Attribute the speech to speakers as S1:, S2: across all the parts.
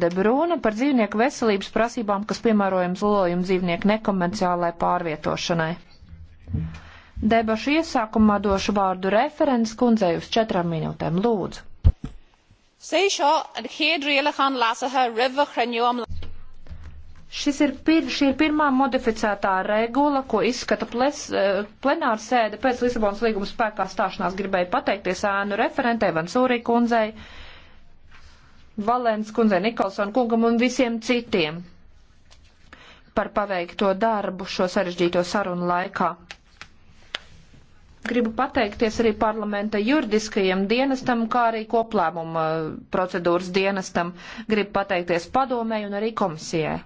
S1: De Brūna par dzīvnieku veselības prasībām, kas piemērojams lolojumu dzīvnieku nekomerciālai pārvietošanai. Debašu iesākumā došu vārdu referents kundzei uz četrām minūtēm. Lūdzu. Šis ir, pir, šī ir pirmā modificētā regula, ko izskata ples, eh, plenāra sēde pēc Lisabonas līguma spēkā stāšanās. Gribēju pateikties ēnu referentē Vansūrī kundzei Valēns kundzei, Nikolson kungam un visiem citiem par paveikto darbu šo sarežģīto sarunu laikā. Gribu pateikties arī parlamenta juridiskajam dienestam, kā arī koplēmuma procedūras dienestam. Gribu pateikties padomēju un arī komisijai.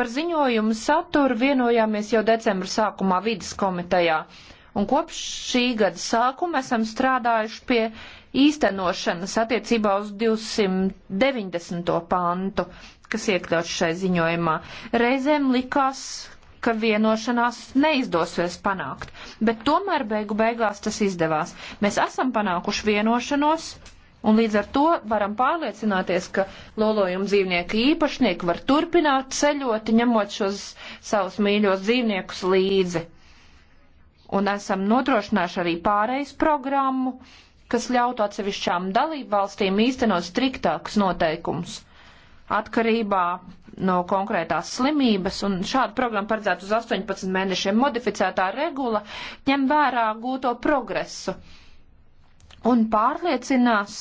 S1: Par ziņojumu saturu vienojāmies jau decembra sākumā vidas komitejā. Un kopš šī gada sākuma esam strādājuši pie īstenošanas attiecībā uz 290. pantu, kas iekļauts šai ziņojumā. Reizēm likās, ka vienošanās neizdosies panākt, bet tomēr beigu beigās tas izdevās. Mēs esam panākuši vienošanos, un līdz ar to varam pārliecināties, ka lolojuma dzīvnieku īpašnieki var turpināt ceļot, ņemot šos savus mīļos dzīvniekus līdzi un esam nodrošinājuši arī pārejas programmu, kas ļautu atsevišķām dalību valstīm īstenot striktākus noteikumus atkarībā no konkrētās slimības, un šādu programmu paredzētu uz 18 mēnešiem modificētā regula ņem vērā gūto progresu un pārliecinās,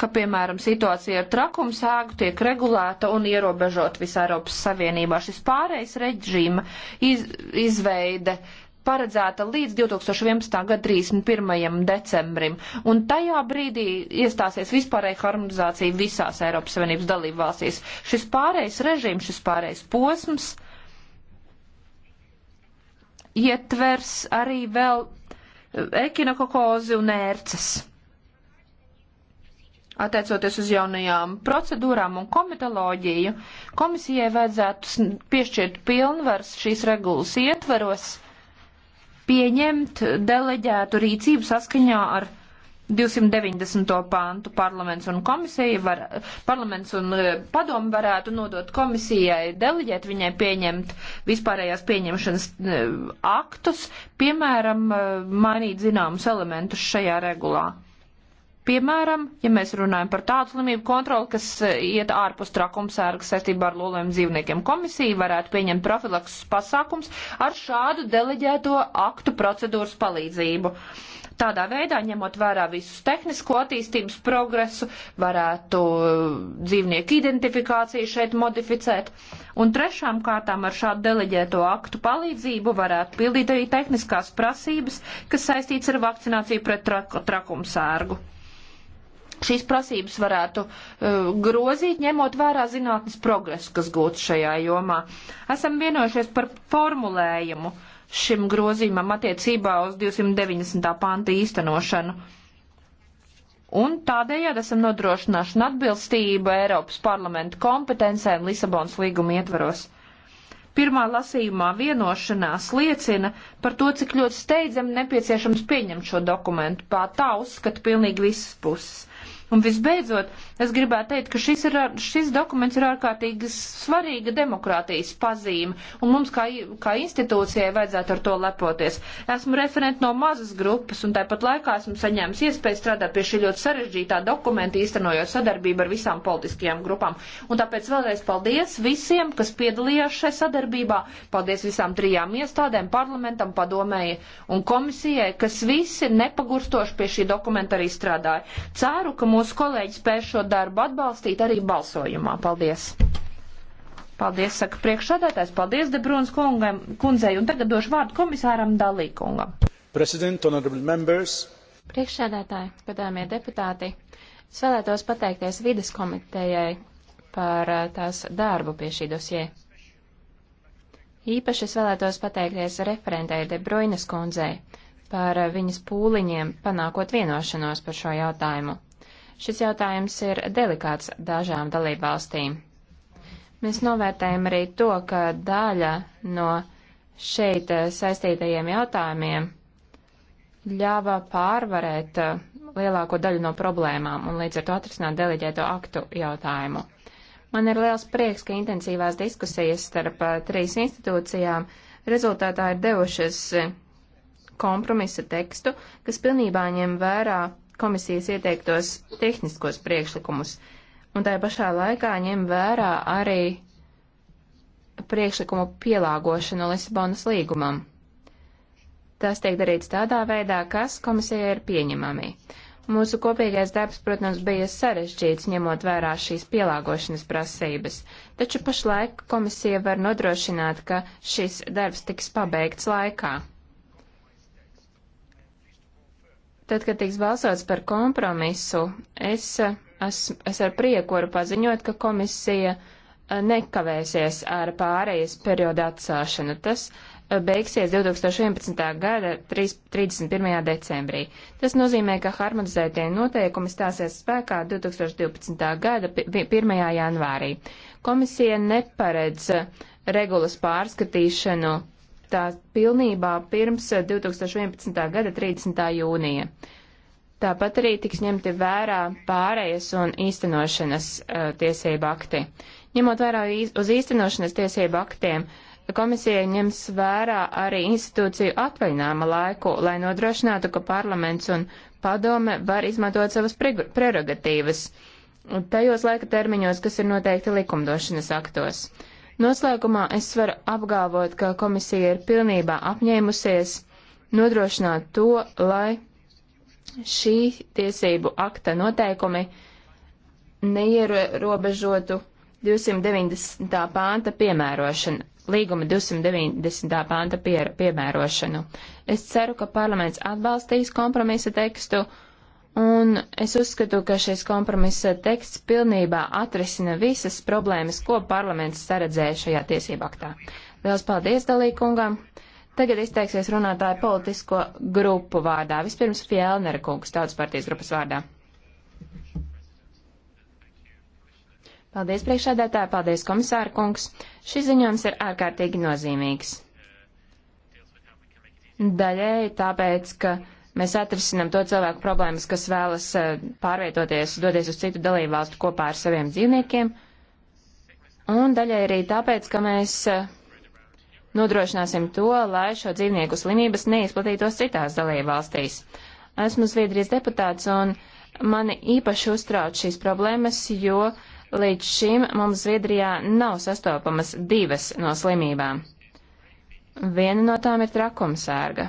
S1: ka, piemēram, situācija ar trakumsēgu tiek regulēta un ierobežot visā Eiropas Savienībā. Šis pārējais reģīma iz, izveide paredzēta līdz 2011. gada 31. decembrim, un tajā brīdī iestāsies vispārēja harmonizācija visās Eiropas Savienības dalību valstīs. Šis pārējais režīms, šis pārējais posms ietvers arī vēl eh, ekinokokozi un ērces. Attiecoties uz jaunajām procedūrām un komitoloģiju, komisijai vajadzētu piešķirt pilnvars šīs regulas ietveros pieņemt deleģētu rīcību saskaņā ar 290. pāntu parlaments un komisija var, parlaments un eh, padomu varētu nodot komisijai deleģēt viņai pieņemt vispārējās pieņemšanas eh, aktus, piemēram, eh, mainīt zināmus elementus šajā regulā. Piemēram, ja mēs runājam par tādu slimību kontroli, kas e, iet ārpus trakumsērgas saistībā ar loliem dzīvniekiem, komisija varētu pieņemt profilakses pasākums ar šādu deleģēto aktu procedūras palīdzību. Tādā veidā, ņemot vērā visus tehnisko attīstības progresu, varētu e, dzīvnieku identifikāciju šeit modificēt. Un trešām kārtām ar šādu deleģēto aktu palīdzību varētu pildīt arī tehniskās prasības, kas saistīts ar vakcināciju pret tra trakumsērgu šīs prasības varētu uh, grozīt, ņemot vērā zinātnes progresu, kas gūts šajā jomā. Esam vienojušies par formulējumu šim grozījumam attiecībā uz 290. panta īstenošanu. Un tādējādi esam nodrošināšana atbilstība Eiropas parlamenta kompetencēm Lisabonas līguma ietvaros. Pirmā lasījumā vienošanās liecina par to, cik ļoti steidzami nepieciešams pieņemt šo dokumentu. Pā tā uzskata pilnīgi visas puses. Un visbeidzot, Es gribētu teikt, ka šis, ir, šis dokuments ir ārkārtīgi svarīga demokrātijas pazīme, un mums kā, kā institūcijai vajadzētu ar to lepoties. Esmu referenti no mazas grupas, un tāpat laikā esmu saņēmis iespēju strādāt pie šī ļoti sarežģītā dokumenta, īstenojot sadarbību ar visām politiskajām grupām. Un tāpēc vēlreiz paldies visiem, kas piedalījās šai sadarbībā. Paldies visām trijām iestādēm, parlamentam, padomēji un komisijai, kas visi nepagurstoši pie šī dokumenta arī strādāja. Ceru, ka mūsu kolēģi spēs šo darbu atbalstīt arī balsojumā. Paldies! Paldies, saka priekšsādātājs. Paldies, Debrons kundzei. Un tagad došu vārdu komisāram
S2: Dalīkungam. Priekšsādātāji, godāmie deputāti, es vēlētos pateikties vides komitejai par eh, tās darbu pie šī dosie. Īpaši es vēlētos pateikties referentei Debruinas kundzei par eh, viņas pūliņiem panākot vienošanos par šo jautājumu. Šis jautājums ir delikāts dažām dalībvalstīm. Mēs novērtējam arī to, ka daļa no šeit eh, saistītajiem jautājumiem ļāva pārvarēt eh, lielāko daļu no problēmām un līdz ar to atrisināt deleģēto aktu jautājumu. Man ir liels prieks, ka intensīvās diskusijas starp eh, trīs institūcijām rezultātā ir devušas kompromisa tekstu, kas pilnībā ņem vērā komisijas ieteiktos tehniskos priekšlikumus, un tā pašā laikā ņem vērā arī priekšlikumu pielāgošanu Lisabonas līgumam. Tas tiek darīts tādā veidā, kas komisijai ir pieņemami. Mūsu kopīgais darbs, protams, bija sarežģīts, ņemot vērā šīs pielāgošanas prasības, taču pašlaik komisija var nodrošināt, ka šis darbs tiks pabeigts laikā. Tad, kad tiks balsots par kompromisu, es, es, es ar prieku varu paziņot, ka komisija e, nekavēsies ar pārējais periodu atsāšanu. Tas e, beigsies 2011. gada 3, 31. decembrī. Tas nozīmē, ka harmonizētie noteikumi stāsies spēkā 2012. gada 1. janvārī. Komisija neparedz e, regulas pārskatīšanu tā pilnībā pirms 2011. Eh, gada 30. jūnija. Tāpat arī tiks ņemti vērā pārējas un īstenošanas uh, tiesību akti. Ņemot vērā uz īstenošanas tiesību aktiem, komisija ņems vērā arī institūciju atvaļinājuma laiku, lai nodrošinātu, ka parlaments un padome var izmantot savas prerogatīvas tajos laika termiņos, kas ir noteikti likumdošanas aktos. Uh, Noslēgumā es varu apgalvot, ka komisija ir pilnībā apņēmusies nodrošināt to, lai šī tiesību akta noteikumi neierobežotu 290. pānta piemērošanu, līguma 290. pānta piemērošanu. Es ceru, ka parlaments atbalstīs kompromisa tekstu Un es uzskatu, ka šis kompromisa teksts pilnībā atrisina visas problēmas, ko parlaments saredzēja šajā tiesību aktā. Liels paldies dalīkungam! Tagad izteiksies runātāja politisko grupu vārdā. Vispirms Fjellnera kungs, tautas partijas grupas vārdā. Paldies, priekšādātāji, paldies, komisāra kungs. Šis ziņojums ir ārkārtīgi nozīmīgs. Daļēji tāpēc, ka Mēs atrisinam to cilvēku problēmas, kas vēlas eh, pārvietoties, doties uz citu dalībvalstu kopā ar saviem dzīvniekiem. Un daļai arī tāpēc, ka mēs eh, nodrošināsim to, lai šo dzīvnieku slimības neizplatītos citās dalībvalstīs. Esmu Zviedrijas deputāts un mani īpaši uztrauc šīs problēmas, jo Līdz šim mums Zviedrijā nav sastopamas divas no slimībām. Viena no tām ir trakumsērga.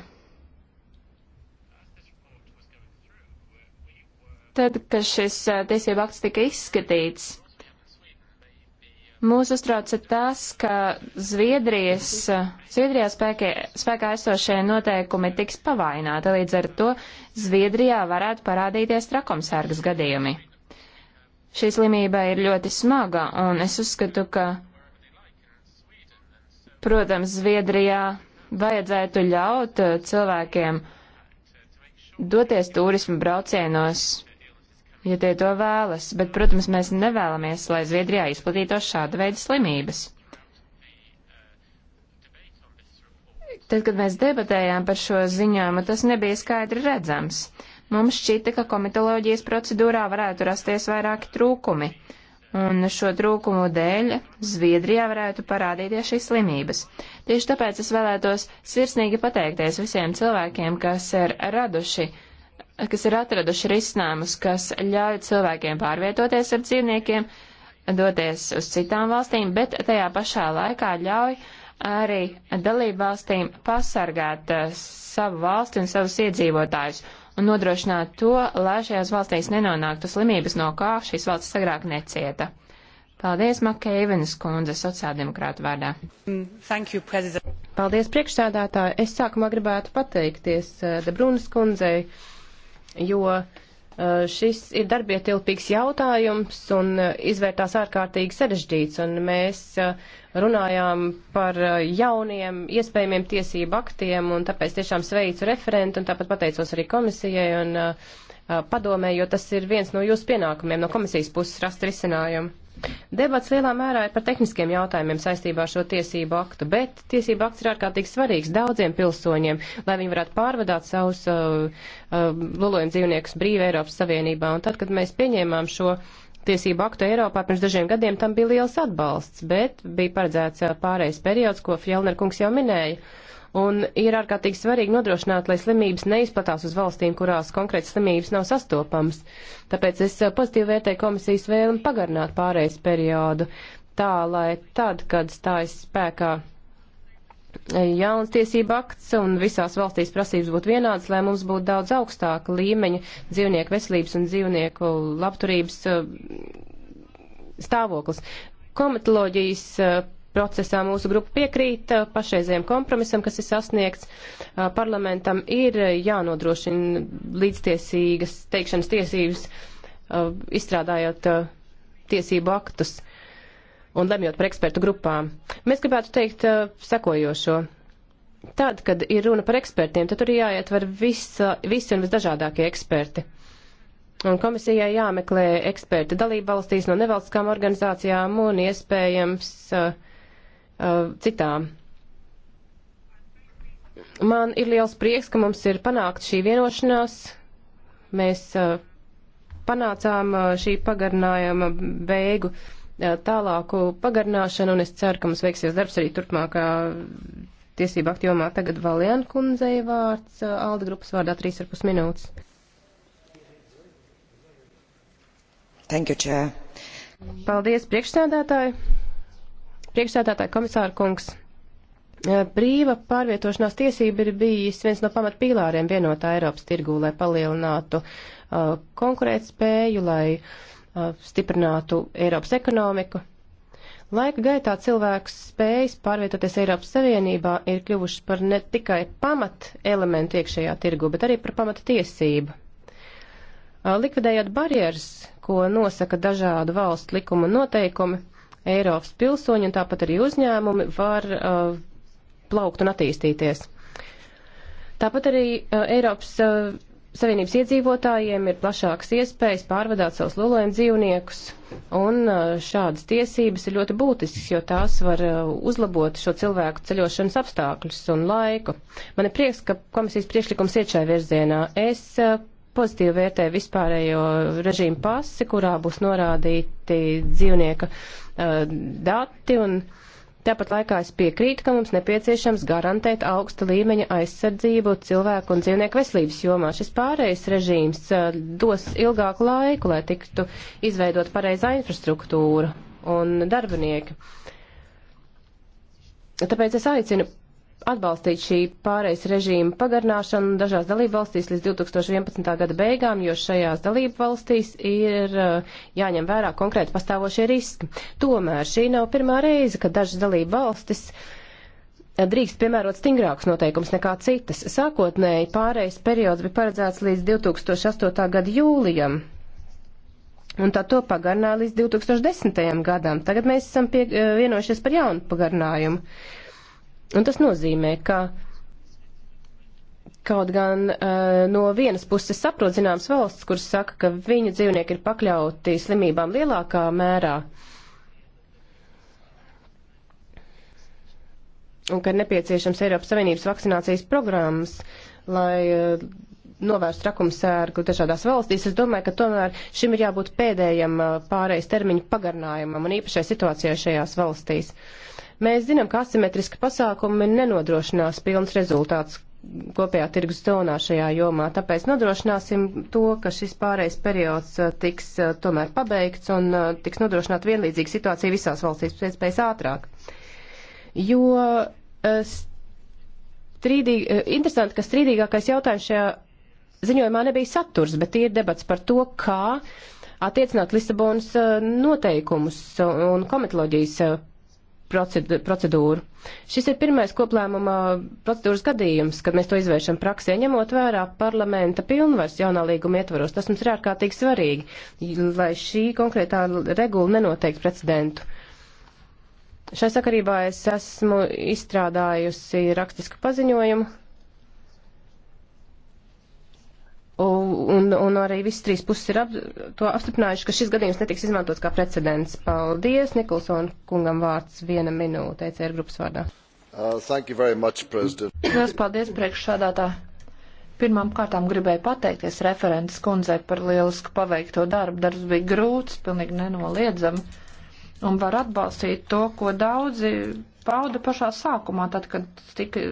S2: tad, kad šis eh, tiesība akts tika izskatīts. Mūs uztrauca tas, ka Zviedrijas, eh, Zviedrijā spēkē, spēkā esošie noteikumi tiks pavaināti, līdz ar to Zviedrijā varētu parādīties trakomsērgas gadījumi. Šī slimība ir ļoti smaga, un es uzskatu, ka, protams, Zviedrijā vajadzētu ļaut eh, cilvēkiem doties turismu braucienos ja tie to vēlas, bet, protams, mēs nevēlamies, lai Zviedrijā izplatītos šāda veida slimības. Tad, kad mēs debatējām par šo ziņojumu, tas nebija skaidri redzams. Mums šķita, ka komitoloģijas procedūrā varētu rasties vairāki trūkumi, un šo trūkumu dēļ Zviedrijā varētu parādīties šīs slimības. Tieši tāpēc es vēlētos sirsnīgi pateikties visiem cilvēkiem, kas ir raduši uh, kas ir atraduši risinājumus, kas ļauj cilvēkiem pārvietoties ar dzīvniekiem, doties uz citām valstīm, bet tajā pašā laikā ļauj arī dalību valstīm pasargāt uh, savu valsti un savus iedzīvotājus un nodrošināt to, lai šajās valstīs nenonāktu slimības, no kā šīs valstis agrāk necieta. Paldies, Makēvenes kundze, sociāldemokrāta vārdā. Thank you, President.
S3: Paldies, priekšsēdētāji. Es sākumā gribētu pateikties uh, eh, Debrunas kundzei jo eh, šis ir darbietilpīgs jautājums un eh, izvērtās ārkārtīgi sarežģīts, un mēs eh, runājām par jauniem iespējamiem tiesību aktiem, un tāpēc tiešām sveicu referentu, un tāpat pateicos arī komisijai un padomē, jo tas ir viens no jūsu pienākumiem no komisijas puses rast risinājumu. Debats lielā mērā ir par tehniskiem jautājumiem saistībā ar šo tiesību aktu, bet tiesību akts ir ārkārtīgi svarīgs daudziem pilsoņiem, lai viņi varētu pārvadāt savus uh, uh, lulojumu dzīvniekus brīvi Eiropas Savienībā. Un tad, kad mēs pieņēmām šo tiesību aktu Eiropā pirms dažiem gadiem, tam bija liels atbalsts, bet bija paredzēts uh, pārējais periods, ko Fjellner kungs jau minēja. Uh, un ir ārkārtīgi svarīgi nodrošināt, lai slimības neizplatās uz valstīm, kurās konkrēti slimības nav sastopamas. Tāpēc es eh, pozitīvi vērtēju komisijas vēlmi pagarināt pārējais periodu tā, lai tad, kad stājas spēkā eh, jauns tiesība akts un visās valstīs prasības būtu vienādas, lai mums būtu daudz augstāka līmeņa dzīvnieku veselības un dzīvnieku labturības eh, stāvoklis. Komitoloģijas procesā mūsu grupa piekrīt pašreizējiem kompromisam, kas ir sasniegts. Parlamentam ir jānodrošina līdztiesīgas teikšanas tiesības, izstrādājot tiesību aktus un lemjot par ekspertu grupām. Mēs gribētu teikt sekojošo. Tad, kad ir runa par ekspertiem, tad tur ir jāietver visa, visi un visdažādākie eksperti. Un komisijai jāmeklē eksperti dalībvalstīs no nevalstiskām organizācijām un iespējams uh, uh, citām. Man ir liels prieks, ka mums ir panākt šī vienošanās. Mēs uh, panācām uh, šī pagarinājuma beigu uh, tālāku pagarināšanu, un es ceru, ka mums veiksies darbs arī turpmākā tiesība aktīvumā. Tagad Valian kundzei vārds, uh, Alda grupas vārdā 3,5 minūtes.
S1: Thank you, Chair.
S3: Paldies, priekšsēdētāji! Priekšsēdētāji komisāra kungs, e, brīva pārvietošanās tiesība ir bijis viens no pamatpīlāriem vienotā Eiropas tirgū, lai palielinātu uh, konkurētspēju, lai uh, stiprinātu Eiropas ekonomiku. Laika gaitā cilvēks spējas pārvietoties Eiropas Savienībā ir kļuvušas par ne tikai pamat elementu iekšējā tirgu, bet arī par pamata tiesību. Likvidējot barjeras, ko nosaka dažādu valstu likuma noteikumi, Eiropas pilsoņi un tāpat arī uzņēmumi var uh, plaukt un attīstīties. Tāpat arī uh, Eiropas uh, Savienības iedzīvotājiem ir plašākas iespējas pārvadāt savus lolojumu dzīvniekus, un uh, šādas tiesības ir ļoti būtiskas, jo tās var uh, uzlabot šo cilvēku ceļošanas apstākļus un laiku. Man ir prieks, ka komisijas priekšlikums iet šai virzienā. Es uh, pozitīvi vērtē vispārējo režīmu pasi, kurā būs norādīti dzīvnieka uh, dati un tāpat laikā es piekrītu, ka mums nepieciešams garantēt augsta līmeņa aizsardzību cilvēku un dzīvnieku veselības jomā. Šis pārējais režīms uh, dos ilgāku laiku, lai tiktu izveidot pareizā infrastruktūra un darbinieki. Tāpēc es aicinu atbalstīt šī pārejas režīma pagarnāšanu dažās dalību valstīs līdz 2011. gada beigām, jo šajās dalību valstīs ir eh, jāņem vērā konkrēti pastāvošie riski. Tomēr šī nav pirmā reize, kad dažas dalību valstis eh, drīkst piemērot stingrākus noteikumus nekā citas. Sākotnēji pārejas periods bija paredzēts līdz 2008. gada jūlijam. Un tā to pagarināja līdz 2010. gadam. Tagad mēs esam pie, eh, vienojušies par jaunu pagarinājumu. Uh, Un tas nozīmē, ka kaut gan uh, no vienas puses saprot zināms valsts, kuras saka, ka viņu dzīvnieki ir pakļauti slimībām lielākā mērā. Un ka ir nepieciešams Eiropas Savienības vakcinācijas programmas, lai uh, novērstu trakumsērgu dažādās valstīs. Es domāju, ka tomēr šim ir jābūt pēdējam uh, pārejas termiņu pagarinājumam un īpašai situācijai šajās valstīs. Uh, Mēs zinām, ka asimetriski pasākumi nenodrošinās pilns rezultāts kopējā tirgus zonā šajā jomā, tāpēc nodrošināsim to, ka šis pārējais periods uh, tiks uh, tomēr pabeigts un uh, tiks nodrošināta vienlīdzīga situācija visās valstīs pēc iespējas ātrāk. Jo strīdīgi, interesanti, ka strīdīgākais jautājums šajā ziņojumā nebija saturs, bet ir debats par to, kā attiecināt Lisabonas noteikumus un komitoloģijas procedūru. Šis ir pirmais koplēmuma procedūras gadījums, kad mēs to izvēršam praksē, ņemot vērā parlamenta pilnvars jaunā līguma ietvaros. Tas mums ir ārkārtīgi svarīgi, lai šī konkrētā regula nenoteikti precedentu. Šai sakarībā es esmu izstrādājusi rakstisku paziņojumu, Un, un arī visas trīs puses ir ap, to apstiprinājuši, ka šis gadījums netiks izmantots kā precedents. Paldies, Nikolson kungam vārds viena minūte, ECR grupas vārdā. Uh, much, Lielas paldies, priekšsādātā.
S1: Pirmām kārtām gribēju pateikties referents kundzei par lielisku paveikto darbu. Darbs bija grūts, pilnīgi nenoliedzami. Un var atbalstīt to, ko daudzi pauda pašā sākumā, tad, kad tika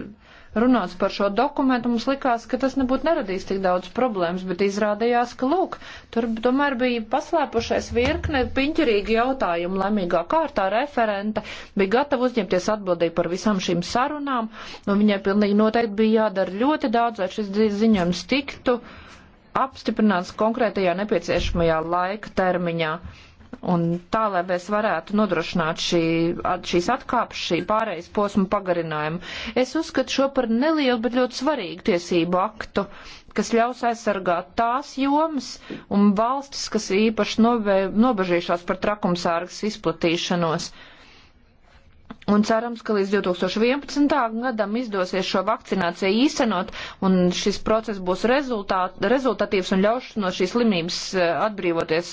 S1: runāts par šo dokumentu, mums likās, ka tas nebūtu neradīs tik daudz problēmas, bet izrādījās, ka, lūk, tur tomēr bija paslēpušais virkne piņķerīgi jautājumu lemīgā kārtā referente, bija gatava uzņemties atbildību par visām šīm sarunām, un viņai pilnīgi noteikti bija jādara ļoti daudz, lai šis ziņojums tiktu apstiprināts konkrētajā nepieciešamajā laika termiņā. Un tā, lai mēs varētu nodrošināt šī, šīs atkāpes, šī pārējais posma pagarinājumu, es uzskatu šo par nelielu, bet ļoti svarīgu tiesību aktu, kas ļaus aizsargāt tās jomas un valstis, kas īpaši nobe, nobežījušās par trakumsārgas izplatīšanos. Uh, Un cerams, ka līdz 2011. gadam izdosies šo vakcināciju īstenot, un šis process būs rezultāt, rezultatīvs un ļaus no šīs slimības eh, atbrīvoties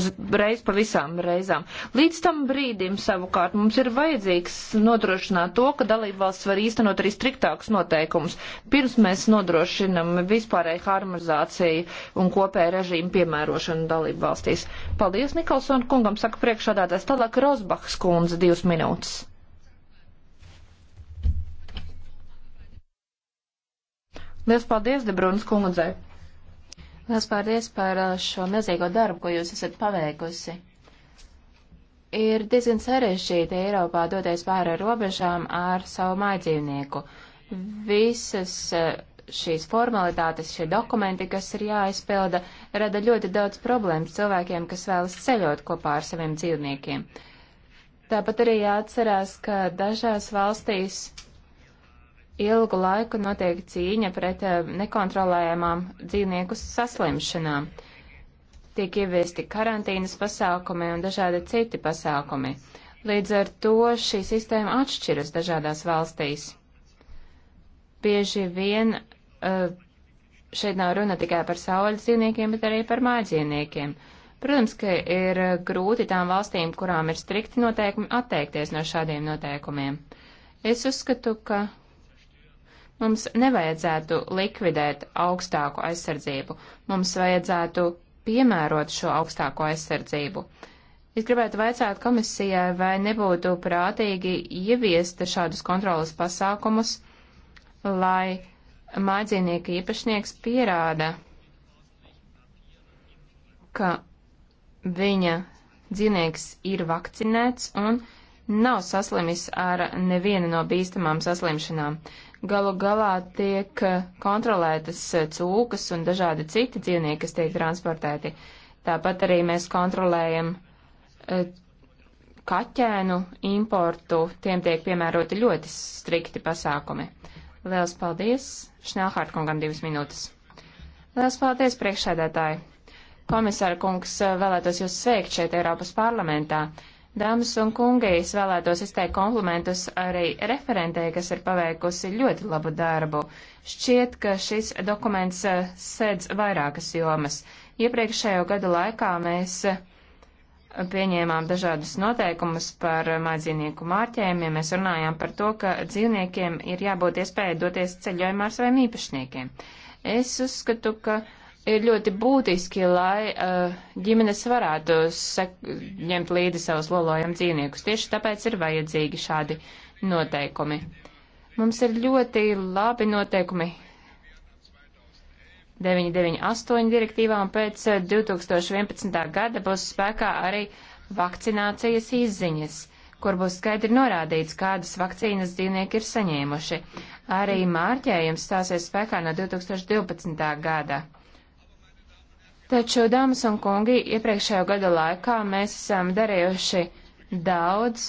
S1: uzreiz pa visām reizām. Līdz tam brīdim savukārt mums ir vajadzīgs nodrošināt to, ka dalībvalsts var īstenot arī striktākus noteikumus. Pirms mēs nodrošinam vispārēju harmonizāciju un kopēju režīmu piemērošanu dalībvalstīs. Paldies Nikolson kungam, saka priekšādātais tālāk Rozbachs kundze divas minūtes. Liels paldies, Debrunas kundzei!
S2: Liels paldies par uh, šo milzīgo darbu, ko jūs esat paveikusi. Ir diezgan sarežģīti Eiropā doties pāri robežām ar savu mājdzīvnieku. Visas uh, šīs formalitātes, šie dokumenti, kas ir jāizpilda, rada ļoti daudz problēmas cilvēkiem, kas vēlas ceļot kopā ar saviem dzīvniekiem. Tāpat arī jāatcerās, ka dažās valstīs ilgu laiku notiek cīņa pret eh, nekontrolējamām dzīvnieku saslimšanām. Tiek ieviesti karantīnas pasākumi un dažādi citi pasākumi. Līdz ar to šī sistēma atšķiras dažādās valstīs. Bieži vien eh, šeit nav runa tikai par saules dzīvniekiem, bet arī par mājdzīvniekiem. Protams, ka ir eh, grūti tām valstīm, kurām ir strikti noteikumi, atteikties no šādiem noteikumiem. Es uzskatu, ka Mums nevajadzētu likvidēt augstāko aizsardzību, mums vajadzētu piemērot šo augstāko aizsardzību. Es gribētu vaicāt komisijai, vai nebūtu prātīgi ieviest šādus kontrolas pasākumus, lai mājdzīvnieka īpašnieks pierāda, ka viņa dzīvnieks ir vakcinēts un uh, nav saslimis ar nevienu no bīstamām saslimšanām. Galu galā tiek eh, kontrolētas eh, cūkas un dažādi citi dzīvnieki, kas tiek transportēti. Tāpat arī mēs kontrolējam eh, kaķēnu importu, tiem tiek piemēroti ļoti strikti pasākumi. Liels paldies! Šnelhārt kungam divas minūtes. Liels paldies, priekšsēdētāji! Komisāra kungs vēlētos jūs sveikt šeit Eiropas parlamentā. Dāmas un kungi, es vēlētos izteikt komplimentus arī referentē, kas ir paveikusi ļoti labu darbu. Šķiet, ka šis dokuments eh, sēdz vairākas jomas. Iepriekšējo gadu laikā mēs eh, pieņēmām dažādus noteikumus par eh, mājdzīvnieku mārķējumiem. Mēs runājām par to, ka dzīvniekiem ir jābūt iespēja doties ceļojumā ar saviem īpašniekiem. Es uzskatu, ka uh, ir ļoti būtiski, lai uh, ģimenes varētu sek, ņemt līdzi savus lolojumu dzīvniekus. Tieši tāpēc ir vajadzīgi šādi noteikumi. Mums ir ļoti labi noteikumi 998 direktīvā un pēc 2011. Uh, gada būs spēkā arī vakcinācijas izziņas, kur būs skaidri norādīts, kādas vakcīnas dzīvnieki ir saņēmuši. Arī mārķējums stāsies spēkā no 2012. gada. Taču, dāmas un kungi, iepriekšējo gada laikā mēs esam darījuši daudz,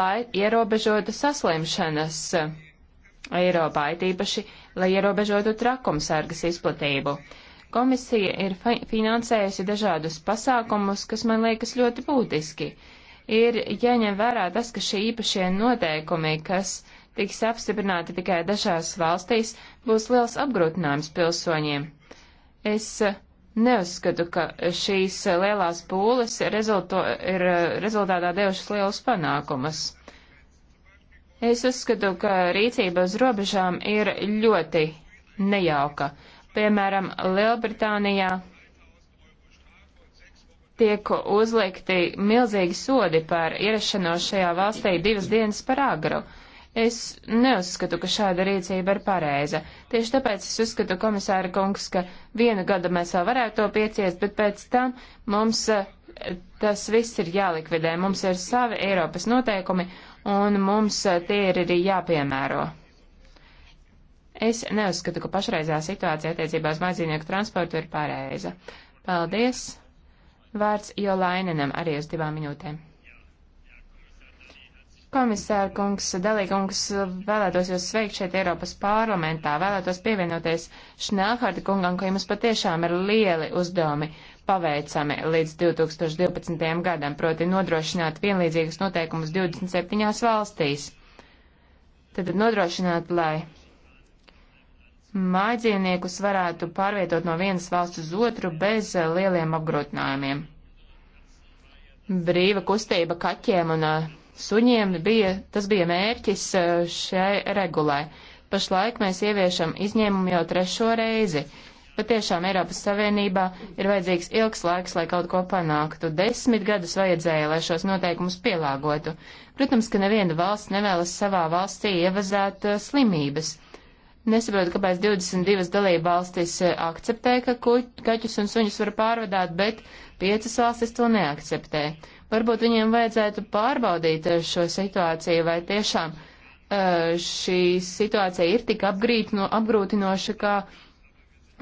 S2: lai ierobežotu saslimšanas Eiropā, it īpaši, lai ierobežotu trakumsargas izplatību. Komisija ir fi finansējusi dažādus pasākumus, kas man liekas ļoti būtiski. Ir jāņem vērā tas, ka šie īpašie noteikumi, kas uh, tiks apstiprināti tikai dažās valstīs, būs liels apgrūtinājums pilsoņiem. Es eh, neuzskatu, ka šīs eh, lielās pūles rezulto, ir eh, rezultātā devušas lielus panākumus. Es uzskatu, ka rīcība uz robežām ir ļoti nejauka. Piemēram, Lielbritānijā tiek uzlikti milzīgi sodi par ierašanos šajā valstī divas dienas par agru. Uh, Es neuzskatu, ka šāda rīcība ir pareiza. Tieši tāpēc es uzskatu, komisāra kungs, ka vienu gadu mēs vēl varētu to pieciest, bet pēc tam mums eh, tas viss ir jālikvidē. Mums ir savi Eiropas noteikumi un mums eh, tie ir arī jāpiemēro. Es neuzskatu, ka pašreizā situācija attiecībā uz mazīnieku transportu ir pareiza. Paldies! Vārds Jolaininam arī uz divām minūtēm. Komisāra kungs, dalīkungs, vēlētos jūs sveikt šeit Eiropas parlamentā, vēlētos pievienoties Šnelharta kungam, ka jums patiešām ir lieli uzdevumi paveicami līdz 2012. gadam, proti nodrošināt vienlīdzīgus noteikumus 27 valstīs. Tad nodrošināt, lai mājdzīvniekus varētu pārvietot no vienas valsts uz otru bez lieliem apgrūtinājumiem. Brīva kustība kaķiem un uh, suņiem bija, tas bija mērķis eh, šai regulai. Pašlaik mēs ieviešam izņēmumu jau trešo reizi. Bet tiešām Eiropas Savienībā ir vajadzīgs ilgs laiks, lai kaut ko panāktu. Desmit gadus vajadzēja, lai šos noteikumus pielāgotu. Protams, ka neviena valsts nevēlas savā valstī ievazāt eh, slimības. Nesaprotu, kāpēc 22 dalība valstis eh, akceptē, ka kuķus un suņus var pārvadāt, bet 5 valstis to neakceptē. Varbūt viņiem vajadzētu pārbaudīt eh, šo situāciju, vai tiešām eh, šī situācija ir tik apgrītno, apgrūtinoša, kā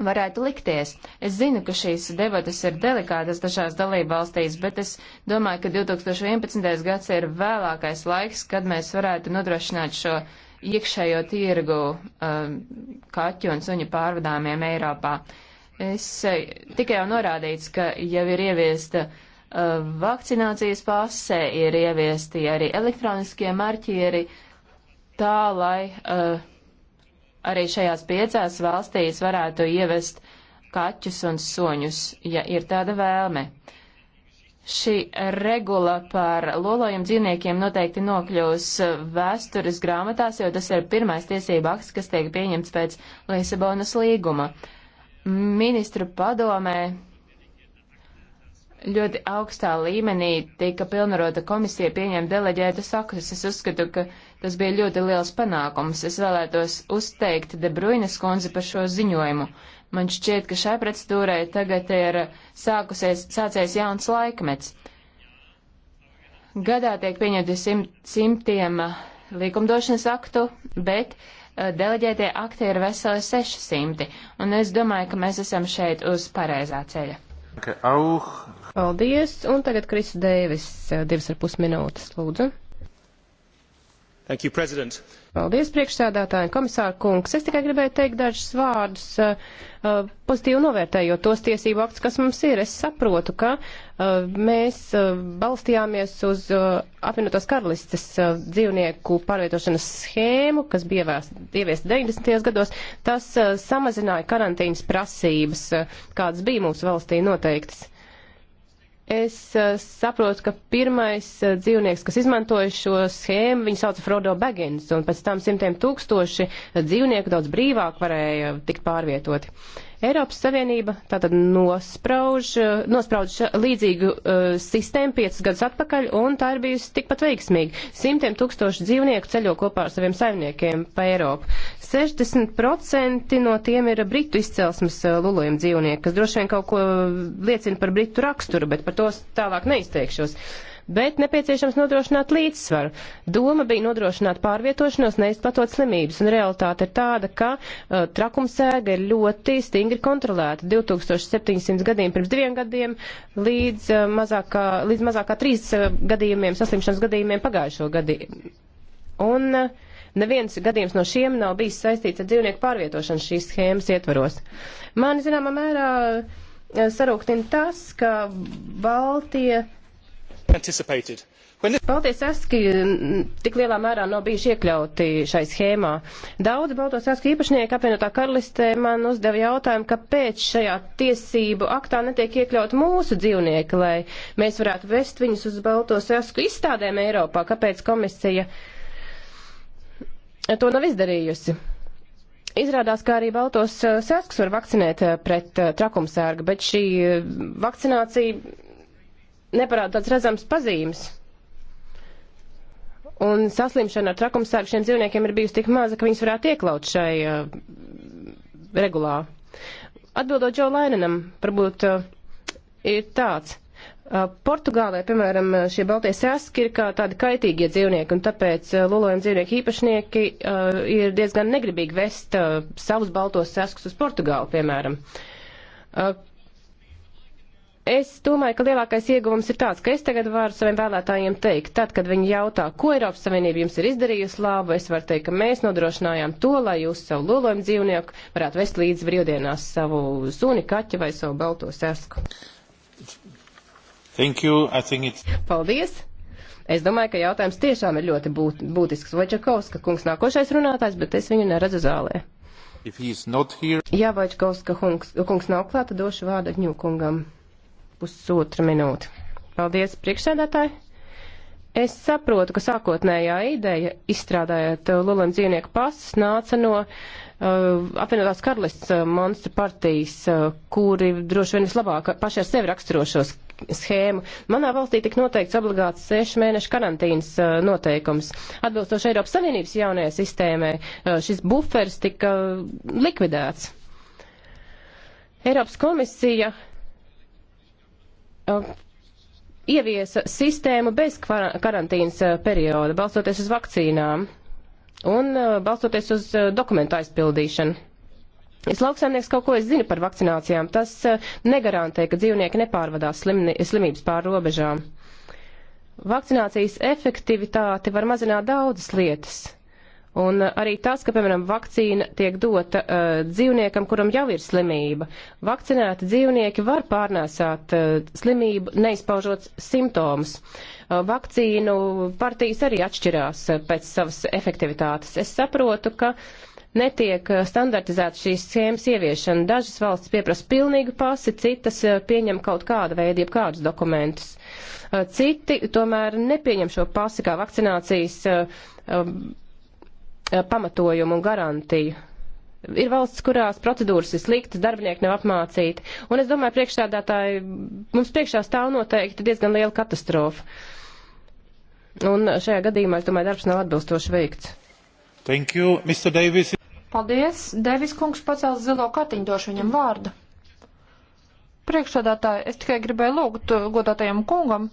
S2: varētu likties. Es zinu, ka šīs debatas ir delikātas dažās dalībvalstīs, bet es domāju, ka 2011. gads ir vēlākais laiks, kad mēs varētu nodrošināt šo iekšējo tirgu um, kaķu un suņu pārvadāmiem Eiropā. Es tikai jau norādīts, ka jau ir ieviesta uh, Vakcinācijas pasē ir ieviesti arī elektroniskie marķieri, tā lai uh, arī šajās piecās valstīs varētu ievest kaķus un soņus, ja ir tāda vēlme. Šī regula par lolojumu dzīvniekiem noteikti nokļūs vēstures grāmatās, jo tas ir pirmais tiesība akts, kas tiek pieņemts pēc Lisabonas līguma. Ministru padomē ļoti augstā līmenī tika pilnvarota komisija pieņemt deleģētas aktus. Es uzskatu, ka tas bija ļoti liels panākums. Es vēlētos uzteikt De Bruinas kundzi par šo ziņojumu. Man šķiet, ka šai procedūrai tagad ir sākusies, sācies jauns laikmets. Gadā tiek pieņemti simt, simtiem uh, likumdošanas aktu, bet uh, deleģētie akti ir veseli 600, un es domāju, ka mēs esam šeit uz pareizā
S3: ceļa. Paldies, un tagad Kris Dēvis, eh, divas ar pus minūtes, lūdzu. You, Paldies, priekšsēdētāji, komisāra kungs. Es tikai gribēju teikt dažus vārdus, uh, uh, pozitīvi novērtējot tos tiesību aktus, kas mums ir. Es saprotu, ka uh, mēs uh, balstījāmies uz uh, apvienotās karalistes uh, dzīvnieku pārvietošanas schēmu, kas bija ieviesta 90. gados. Tas samazināja karantīnas prasības, kādas bija mūsu valstī noteiktas. Es uh, saprotu, ka pirmais uh, dzīvnieks, kas izmantoja šo schēmu, viņu sauca Frodo Begins, un pēc tam simtiem tūkstoši eh, dzīvnieku daudz brīvāk varēja tikt pārvietoti. Uh, Eiropas Savienība tātad nosprauž, nosprauž līdzīgu uh, sistēmu piecus gadus atpakaļ, un tā ir bijusi tikpat veiksmīga. Simtiem tūkstoši dzīvnieku ceļo kopā ar saviem saimniekiem pa Eiropu. 60% no tiem ir britu izcelsmes eh, lulojuma dzīvnieki, kas droši vien kaut ko liecina par britu raksturu, bet par tos tālāk neizteikšos. Uh, bet nepieciešams nodrošināt līdzsvaru. Doma bija nodrošināt pārvietošanos, neizplatot slimības, un realitāte ir tāda, ka uh, trakumsēga ir ļoti stingri kontrolēta. 2700 gadiem pirms diviem gadiem līdz, uh, mazākā, līdz mazākā trīs uh, gadījumiem, saslimšanas gadījumiem pagājušo gadījumu. Un uh, Neviens gadījums no šiem nav bijis saistīts ar dzīvnieku pārvietošanu šīs schēmas ietvaros. Mani zināmā mērā uh, sarūktina tas, ka Baltija anticipated. Baltie saski tik lielā mērā nav bijuši iekļauti šai schēmā. Daudzi balto saski īpašnieki apvienotā karalistē man uzdeva jautājumu, kāpēc šajā tiesību aktā netiek iekļaut mūsu dzīvnieki, lai mēs varētu vest viņus uz balto sasku izstādēm Eiropā, kāpēc komisija to nav izdarījusi. Izrādās, ka arī baltos sasks var vakcinēt pret trakumsērgu, bet šī vakcinācija neparāda tāds redzams pazīmes. Un saslimšana ar trakumsērgšiem dzīvniekiem ir bijusi tik maza, ka viņas varētu iekļaut šai uh, regulā. Atbildot Džo Lainenam, varbūt uh, ir tāds. Uh, Portugālē, piemēram, uh, šie baltie sēski ir kā tādi kaitīgie dzīvnieki, un tāpēc uh, lolojuma dzīvnieku īpašnieki uh, ir diezgan negribīgi vest uh, savus baltos sēskus uz Portugālu, piemēram. Uh, Es domāju, ka lielākais ieguvums ir tāds, ka es tagad varu saviem vēlētājiem teikt, tad, kad viņi jautā, ko Eiropas Savienība jums ir izdarījusi labu, es varu teikt, ka mēs nodrošinājām to, lai jūs savu lolojumu dzīvnieku varētu vest līdz brīvdienās savu suni, kaķi vai savu balto sesku.
S1: Thank you. I think it's...
S3: Paldies. Es domāju, ka jautājums tiešām ir ļoti būt, būtisks. Vaļķakovska kungs nākošais runātājs, bet es viņu neredzu zālē. Here... Jā, Vaļķakovska kungs, kungs nav klāta, došu vārdu ņūkungam pusotra minūte. Paldies, priekšsēdētāji! Es saprotu, ka sākotnējā ideja, izstrādājot uh, Lulam dzīvnieku pasis, nāca no uh, apvienotās karalists uh, monstru partijas, uh, kuri droši vien vislabāk paši ar sevi raksturošos schēmu. Manā valstī tik noteikts obligāts sešu mēnešu karantīnas uh, noteikums. Atbilstoši Eiropas Savienības jaunajai sistēmai, uh, šis buferis tika likvidēts. Eiropas komisija uh, Uh, ieviesa sistēmu bez karantīnas uh, perioda, balstoties uz vakcīnām un uh, balstoties uz dokumentu aizpildīšanu. Es lauksaimnieks kaut ko es zinu par vakcinācijām. Tas negarantē, ka dzīvnieki nepārvadās slimni, slimības pār robežām. Vakcinācijas efektivitāti var mazināt daudzas lietas Un uh, arī tas, ka, piemēram, vakcīna tiek dota uh, dzīvniekam, kuram jau ir slimība. Vakcinēti dzīvnieki var pārnēsāt uh, slimību, neizpaužot simptomus. Uh, vakcīnu partijas arī atšķirās uh, pēc savas efektivitātes. Es saprotu, ka netiek uh, standartizēta šīs schēmas ieviešana. Dažas valsts pieprasa pilnīgu pasi, citas uh, pieņem kaut kādu veidu, jeb kādus dokumentus. Uh, citi tomēr nepieņem šo pasi kā vakcinācijas. Uh, um, Eh, pamatojumu un garantiju. Ir valsts, kurās procedūras ir sliktas, darbinieki nav apmācīti, un es domāju, priekšstādātāji, mums priekšā stāv noteikti diezgan liela katastrofa. Un šajā gadījumā, es domāju, darbs nav atbilstoši veikts.
S1: Thank you, Mr. Davis. Paldies. Devis kungs pacels zilo katiņu, došu viņam vārdu. Priekšsādātāji, es tikai gribēju lūgt godātajam kungam,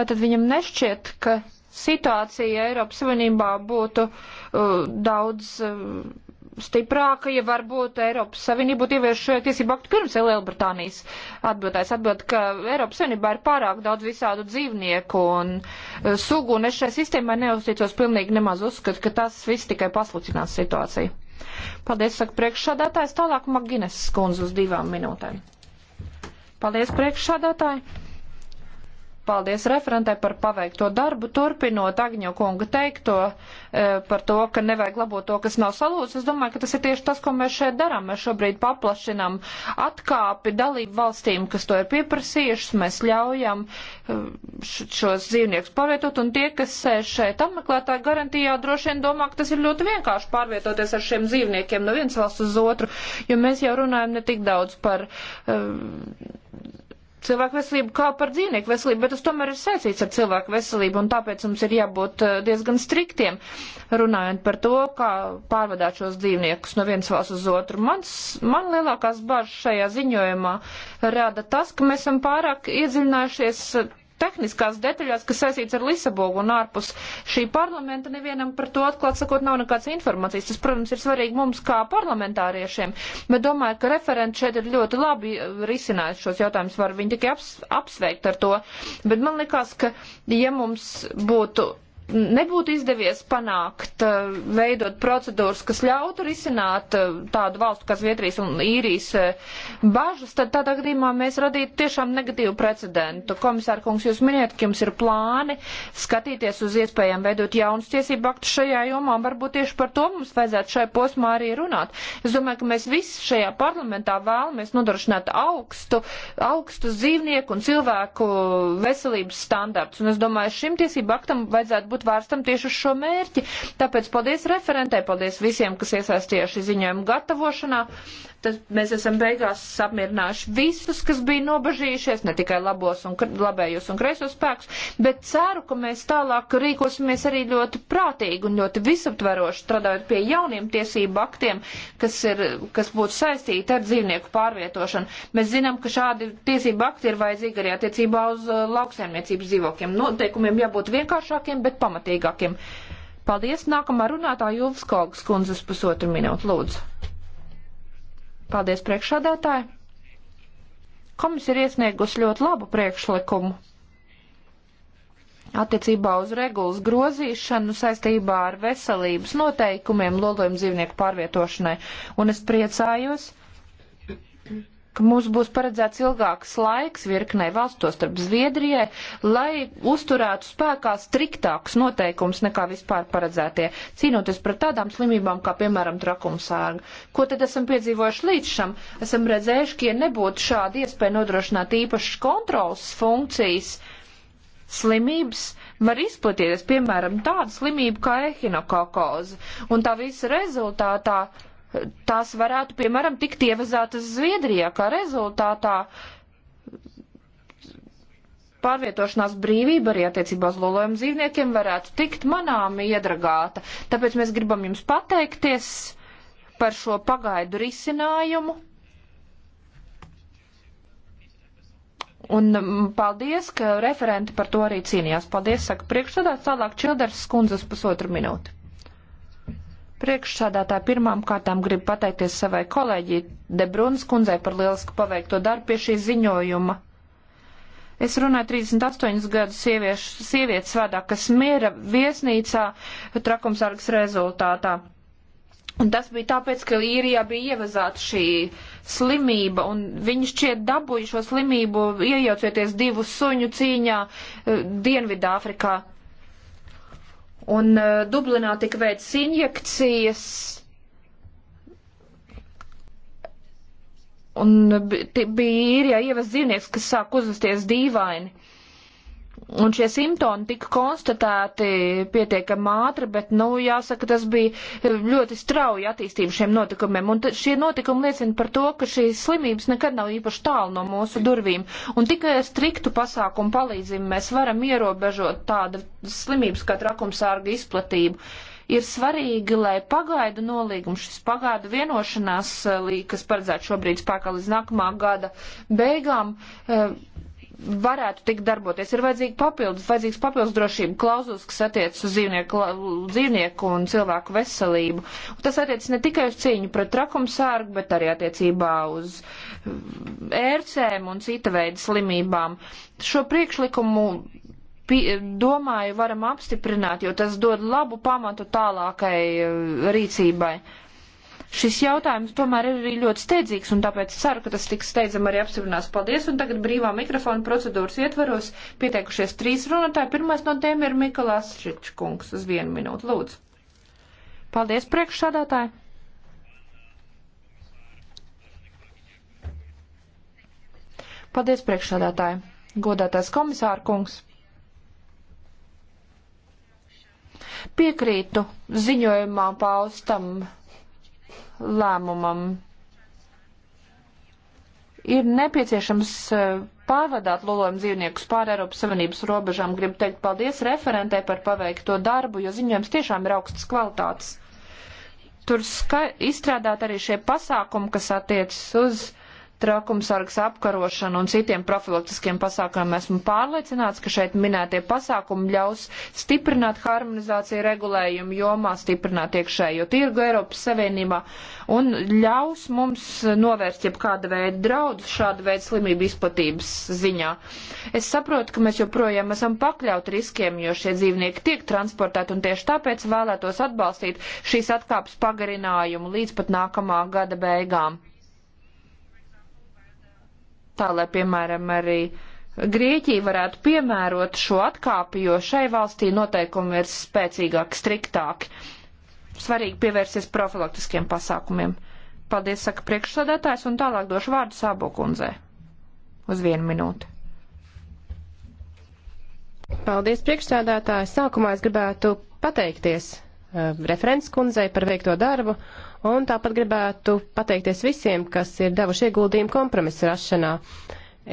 S1: vai tad viņam nešķiet, ka situācija Eiropas Savienībā būtu uh, daudz uh, stiprāka, ja varbūt Eiropas Savienība būtu ieviešu šo tiesību aktu pirms Lielbritānijas atbildēs. Atbild, ka Eiropas Savienībā ir pārāk daudz visādu dzīvnieku un uh, sugu, un es šai sistēmai neuzticos pilnīgi nemaz uzskatu, ka tas viss tikai pasliktinās situāciju. Paldies, saka priekšsādātājs, tālāk Magines skundz uz divām minūtēm. Paldies, priekšsādātāji! Paldies referentē par paveikto darbu. Turpinot Agņo kunga teikto e, par to, ka nevajag labot to, kas nav salūts, es domāju, ka tas ir tieši tas, ko mēs šeit darām. Mēs šobrīd paplašinām atkāpi dalību valstīm, kas to ir pieprasījušas. Mēs ļaujam e, šos dzīvniekus pārvietot, un tie, kas sēž šeit apmeklētāju garantijā, droši vien domā, ka tas ir ļoti vienkārši pārvietoties ar šiem dzīvniekiem no vienas valsts uz otru, jo mēs jau runājam ne tik daudz par. Uh, cilvēku veselību kā par dzīvnieku veselību, bet tas tomēr ir saistīts ar cilvēku veselību, un tāpēc mums ir jābūt eh, diezgan striktiem runājot par to, kā pārvadāt šos dzīvniekus no vienas valsts uz otru. Mans, man lielākās bažas šajā ziņojumā rada tas, ka mēs esam pārāk iedziļinājušies tehniskās detaļās, kas saistīts ar Lisabogu un ārpus šī parlamenta, nevienam par to atklāt sakot nav nekādas informācijas. Tas, protams, ir svarīgi mums kā parlamentāriešiem, bet domāju, ka referenti šeit ir ļoti labi eh, risinājis šos jautājumus, var viņi tikai aps, apsveikt ar to, bet man likās, ka ja mums būtu nebūtu izdevies panākt, eh, veidot procedūras, kas ļautu risināt eh, tādu valstu, kas Vietrijas un īrijas eh, bažas, tad tādā gadījumā mēs radītu tiešām negatīvu precedentu. Komisāra kungs, jūs minējat, ka jums ir plāni skatīties uz iespējām veidot jaunus tiesību aktus šajā jomā, un varbūt tieši par to mums vajadzētu šai posmā arī runāt. Es domāju, ka mēs visi šajā parlamentā vēlamies nodrošināt augstu, augstu dzīvnieku un cilvēku veselības standarts, un es domāju, šim tiesību aktam vajadzētu būt jābūt vērstam tieši uz šo mērķi. Tāpēc paldies referentē, paldies visiem, kas iesaistījuši ziņojumu gatavošanā tad mēs esam beigās samierinājuši visus, kas bija nobažījušies, ne tikai labos un labējos un kreisos spēkus, bet ceru, ka mēs tālāk rīkosimies arī ļoti prātīgi un ļoti visaptveroši strādājot pie jauniem tiesību aktiem, kas, ir, kas būtu saistīti ar dzīvnieku pārvietošanu. Mēs zinām, ka šādi tiesību akti ir vajadzīgi arī attiecībā uz uh, lauksaimniecības dzīvokiem. Noteikumiem jābūt vienkāršākiem, bet pamatīgākiem. Paldies, nākamā runātāja Jūvas Kolgas kundzes pusotru minūtu, lūdzu. Paldies priekšādātāji. Komisija ir iesniegusi ļoti labu priekšlikumu attiecībā uz regulas grozīšanu saistībā ar veselības noteikumiem lolojumu dzīvnieku pārvietošanai, un es priecājos, ka mums būs paredzēts ilgāks laiks virknei valstos starp Zviedrijai, lai uzturētu spēkā striktākus noteikumus nekā vispār paredzētie, cīnoties pret tādām slimībām kā, piemēram, trakumsārga. Ko tad esam piedzīvojuši līdz šam? Esam redzējuši, ka, ja nebūtu šāda iespēja nodrošināt īpašas kontrolas funkcijas, slimības var izplatīties, piemēram, tāda slimība kā ehinokokoze, un tā visa rezultātā tās varētu, piemēram, tikt ievazātas Zviedrijā, kā rezultātā pārvietošanās brīvība arī attiecībā uz lolojumu dzīvniekiem varētu tikt manām iedragāta. Tāpēc mēs gribam jums pateikties par šo pagaidu risinājumu. Un paldies, ka referenti par to arī cīnījās. Paldies, saka priekšsādāts, tālāk Čilders skundzes pusotru minūti priekšsādātā pirmām kārtām gribu pateikties savai kolēģi Debrunas kundzei par lielisku paveikto darbu pie šī ziņojuma. Es runāju 38 gadus sieviešu, sievietes vārdā, kas miera viesnīcā trakumsargas rezultātā. Un tas bija tāpēc, ka īrijā bija ievazāta šī slimība, un viņi šķiet dabūja šo slimību, iejaucoties divu suņu cīņā eh, Dienvidāfrikā. Uh, Un uh, Dublinā tika veids injekcijas. Un bija īrijā ieves dzīvnieks, kas sāk uzvesties dīvaini. Un šie simptomi tika konstatēti pietiekami ātri, bet, nu, jāsaka, tas bija ļoti strauji attīstība šiem notikumiem. Un šie notikumi liecina par to, ka šīs slimības nekad nav īpaši tālu no mūsu durvīm. Un tikai ar striktu pasākumu palīdzību mēs varam ierobežot tādu slimības kā trakumsārga izplatību. Ir svarīgi, lai pagaidu nolīgums, šis pagaidu vienošanās, eh, kas paredzēts šobrīd spēkā līdz nākamā gada beigām, eh, varētu tik darboties. Ir vajadzīga papildus, vajadzīgs papildus drošība klauzulas, kas attiecas uz dzīvnieku, dzīvnieku un cilvēku veselību. Un tas attiecas ne tikai uz cīņu pret trakumsārgu, bet arī attiecībā uz ērcēm un cita veida slimībām. Šo priekšlikumu domāju varam apstiprināt, jo tas dod labu pamatu tālākai uh, rīcībai. Šis jautājums tomēr ir arī ļoti steidzīgs, un tāpēc ceru, ka tas tiks steidzam arī apstiprinās. Paldies, un tagad brīvā mikrofona procedūras ietvaros pieteikušies trīs runātāji. Pirmais no tiem ir Mikolās Šričkungs uz vienu minūtu. Lūdzu. Paldies, priekšsādātāji. Paldies, priekšsādātāji. Godātais komisāra kungs. Piekrītu ziņojumā paustam. Pa lēmumam ir nepieciešams eh, pārvadāt lolojumu dzīvniekus pār Eiropas Savienības robežām. Gribu teikt paldies referentē par paveikto darbu, jo ziņojums tiešām ir augstas kvalitātes. Tur izstrādāt arī šie pasākumi, kas attiecas uz trakumsargs apkarošanu un citiem profilaktiskiem pasākumiem. Esmu pārliecināts, ka šeit minētie pasākumi ļaus stiprināt harmonizāciju regulējumu jomā, stiprināt iekšējo tirgu Eiropas Savienībā un ļaus mums novērst jebkāda veida draudus šāda veida slimību izplatības ziņā. Es saprotu, ka mēs joprojām esam pakļaut riskiem, jo šie dzīvnieki tiek transportēti un tieši tāpēc vēlētos atbalstīt šīs atkāpes pagarinājumu līdz pat nākamā gada beigām tā lai, piemēram, arī Grieķija varētu piemērot šo atkāpi, jo šai valstī noteikumi ir spēcīgāki, striktāki. Svarīgi pievērsties profilaktiskiem pasākumiem. Paldies, saka priekšsādātājs, un tālāk došu vārdu Sābokundzē. Uz vienu minūti. Paldies,
S3: priekšsādātāji. Sākumā es gribētu pateikties uh, referents kundzei par veikto darbu Un tāpat gribētu pateikties visiem, kas ir devuši ieguldījumu kompromisu rašanā.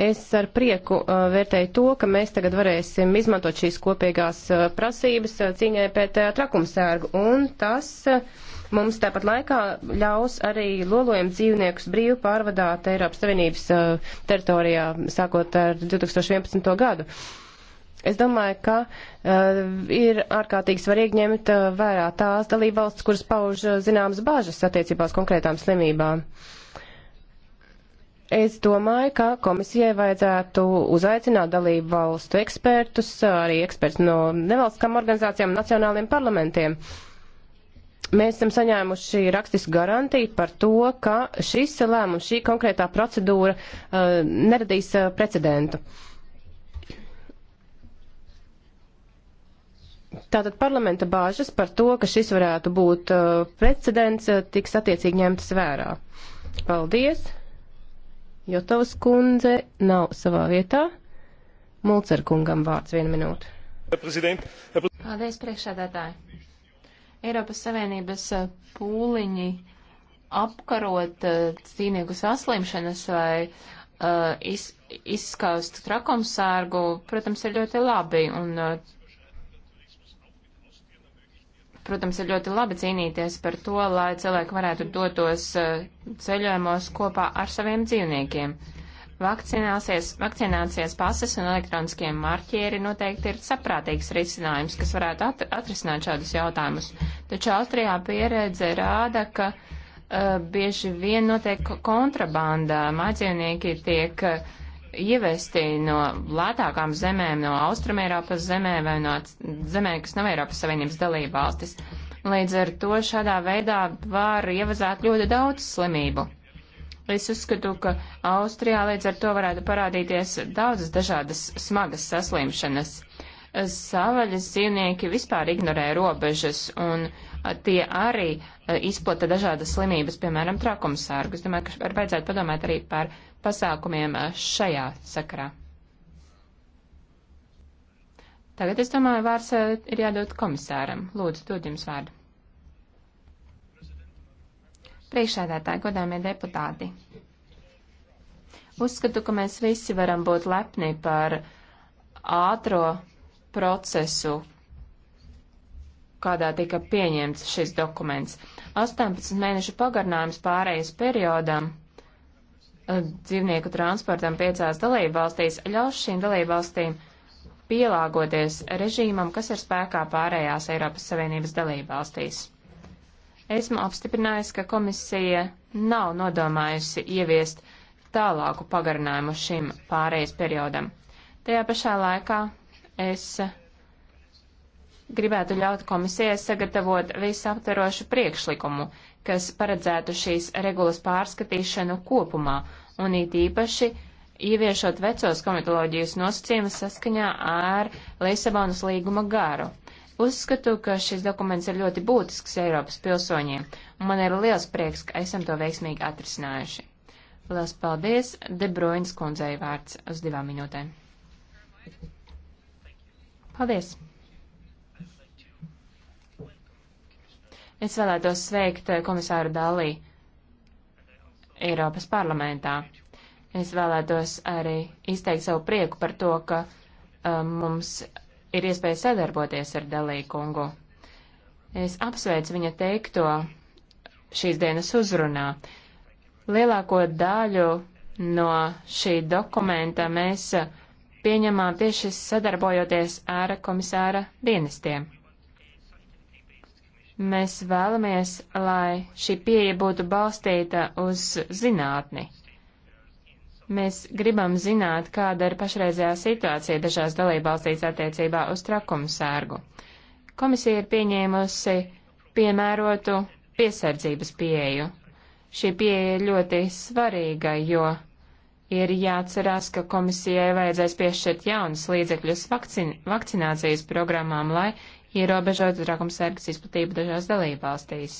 S3: Es ar prieku uh, vērtēju to, ka mēs tagad varēsim izmantot šīs kopīgās uh, prasības uh, cīņai pēc uh, trakumsērgu, un tas uh, mums tāpat laikā ļaus arī lolojam dzīvniekus brīvi pārvadāt Eiropas Savienības uh, teritorijā, sākot ar 2011. gadu. Es domāju, ka uh, ir ārkārtīgi svarīgi ņemt uh, vērā tās dalībvalstis, kuras pauž uh, zināmas bažas attiecībās konkrētām slimībām. Es domāju, ka komisijai vajadzētu uzaicināt dalību valstu ekspertus, arī ekspertus no nevalstiskām organizācijām, nacionāliem parlamentiem. Mēs esam saņēmuši rakstisku garantiju par to, ka šis lēmums, šī konkrētā procedūra uh, neradīs uh, precedentu. Uh, Tātad parlamenta bāžas par to, ka šis varētu būt uh, precedents, uh, tiks attiecīgi ņemtas vērā. Paldies! Jotovas kundze nav savā vietā. Mulcer kungam vārds vienu minūtu.
S2: Paldies, priekšsēdētāji! Eiropas Savienības uh, pūliņi apkarot uh, cīnieku saslimšanas vai uh, iz, izskaust trakomsārgu, protams, ir ļoti labi, un uh, Protams, ir ļoti labi cīnīties par to, lai cilvēki varētu dotos eh, ceļojumos kopā ar saviem dzīvniekiem. Vakcinācijas, vakcinācijas pases un elektroniskie marķieri noteikti ir saprātīgs risinājums, kas varētu at atrisināt šādus jautājumus. Taču Austrijā pieredze rāda, ka uh, bieži vien notiek kontrabanda, mājdzīvnieki tiek uh, ievesti no lētākām zemēm, no Austrumēropas zemēm vai no zemēm, kas nav Eiropas Savienības dalība valstis. Līdz ar to šādā veidā var ievazāt ļoti daudz slimību. Es uzskatu, ka Austrijā līdz ar to varētu parādīties daudzas dažādas smagas saslimšanas. Savaļas dzīvnieki vispār ignorē robežas, un tie arī eh, izplata dažādas slimības, piemēram, trakumsārgu. Es domāju, ka vajadzētu padomāt arī par pasākumiem eh, šajā sakarā. Tagad, es domāju, vārds eh, ir jādod komisāram. Lūdzu, dod jums vārdu. Priekšādātāji, godāmie deputāti. Uzskatu, ka mēs visi varam būt lepni par ātro procesu, kādā tika pieņemts šis dokuments. 18 mēnešu pagarinājums pārējais periodam dzīvnieku transportam piecās dalībvalstīs ļaus šīm dalībvalstīm pielāgoties režīmam, kas ir spēkā pārējās Eiropas Savienības dalībvalstīs. Esmu apstiprinājusi, ka komisija nav nodomājusi ieviest tālāku pagarinājumu šim pārējais periodam. Tajā pašā laikā es gribētu ļaut komisijai sagatavot visaptverošu priekšlikumu, kas paredzētu šīs regulas pārskatīšanu kopumā, un it īpaši ieviešot vecos komitoloģijas nosacījumus saskaņā ar Lisabonas līguma garu. Uzskatu, ka šis dokuments ir ļoti būtisks Eiropas pilsoņiem, un man ir liels prieks, ka esam to veiksmīgi atrisinājuši. Lielas paldies, Debroins kundzei vārds uz divām minūtēm. Paldies! Es vēlētos sveikt eh, komisāru Dalī Eiropas parlamentā. Es vēlētos arī izteikt savu prieku par to, ka um, mums ir iespēja sadarboties ar Dalī kungu. Es apsveicu viņa teikto šīs dienas uzrunā. Lielāko daļu no šī dokumenta mēs eh, pieņemām tieši sadarbojoties ar komisāra dienestiem. Mēs vēlamies, lai šī pieeja būtu balstīta uz zinātni. Mēs gribam zināt, kāda ir pašreizējā situācija dažās dalībvalstīs attiecībā uz trakumu sērgu. Komisija ir pieņēmusi piemērotu piesardzības pieeju. Šī pieeja ir ļoti svarīga, jo ir jāatcerās, ka komisijai vajadzēs piešķirt jaunas līdzekļus vakcin vakcinācijas programmām, lai ierobežot drakumsērgas izplatību dažās dalībvalstīs.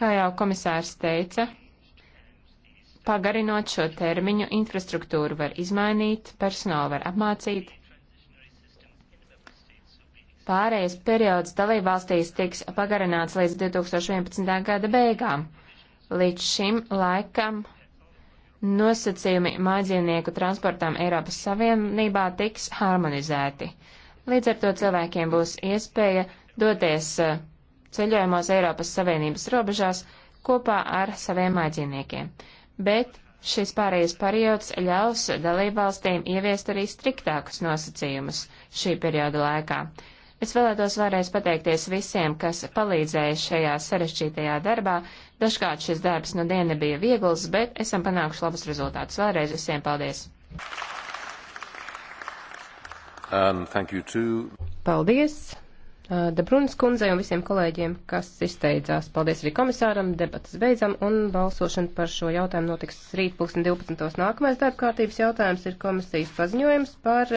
S2: Kā jau komisārs teica, pagarinot šo termiņu, infrastruktūru var izmainīt, personālu var apmācīt. Pārējais periods dalībvalstīs tiks pagarināts līdz 2011. gada beigām. Līdz šim laikam nosacījumi mājdzīvnieku transportām Eiropas Savienībā tiks harmonizēti. Līdz ar to cilvēkiem būs iespēja doties eh, ceļojumos Eiropas Savienības robežās kopā ar saviem mājdzīvniekiem. Bet šis pārējais periods ļaus dalībvalstīm ieviest arī striktākus nosacījumus šī perioda laikā. Es vēlētos vēlreiz pateikties visiem, kas palīdzēja šajā sarežģītajā darbā. Dažkārt šis darbs no nu diena bija viegls, bet esam panākuši labus rezultātus. Vēlreiz
S3: visiem paldies! Um, Paldies uh, Debrunas kundzei un visiem kolēģiem, kas izteicās. Paldies arī komisāram, debatas beidzam un balsošana par šo jautājumu notiks rīt 2012. Nākamais darbkārtības jautājums ir komisijas paziņojums par